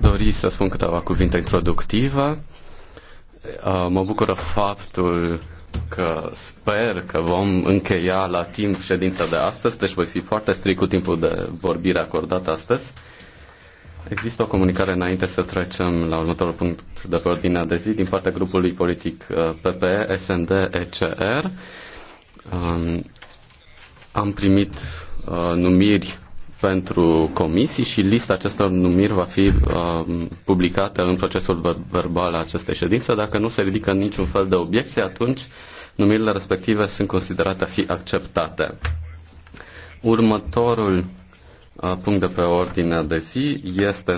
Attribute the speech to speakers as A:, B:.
A: dori să spun câteva cuvinte introductive. Uh, mă bucură faptul că sper că vom încheia la timp ședința de astăzi, deci voi fi foarte strict cu timpul de vorbire acordat astăzi. Există o comunicare înainte să trecem la următorul punct de pe ordinea de zi din partea grupului politic uh, PPE, SND, ECR. Um, am primit uh, numiri pentru comisii și lista acestor numiri va fi uh, publicată în procesul ver- verbal al acestei ședințe. Dacă nu se ridică niciun fel de obiecție, atunci numirile respective sunt considerate a fi acceptate. Următorul uh, punct de pe ordinea de zi este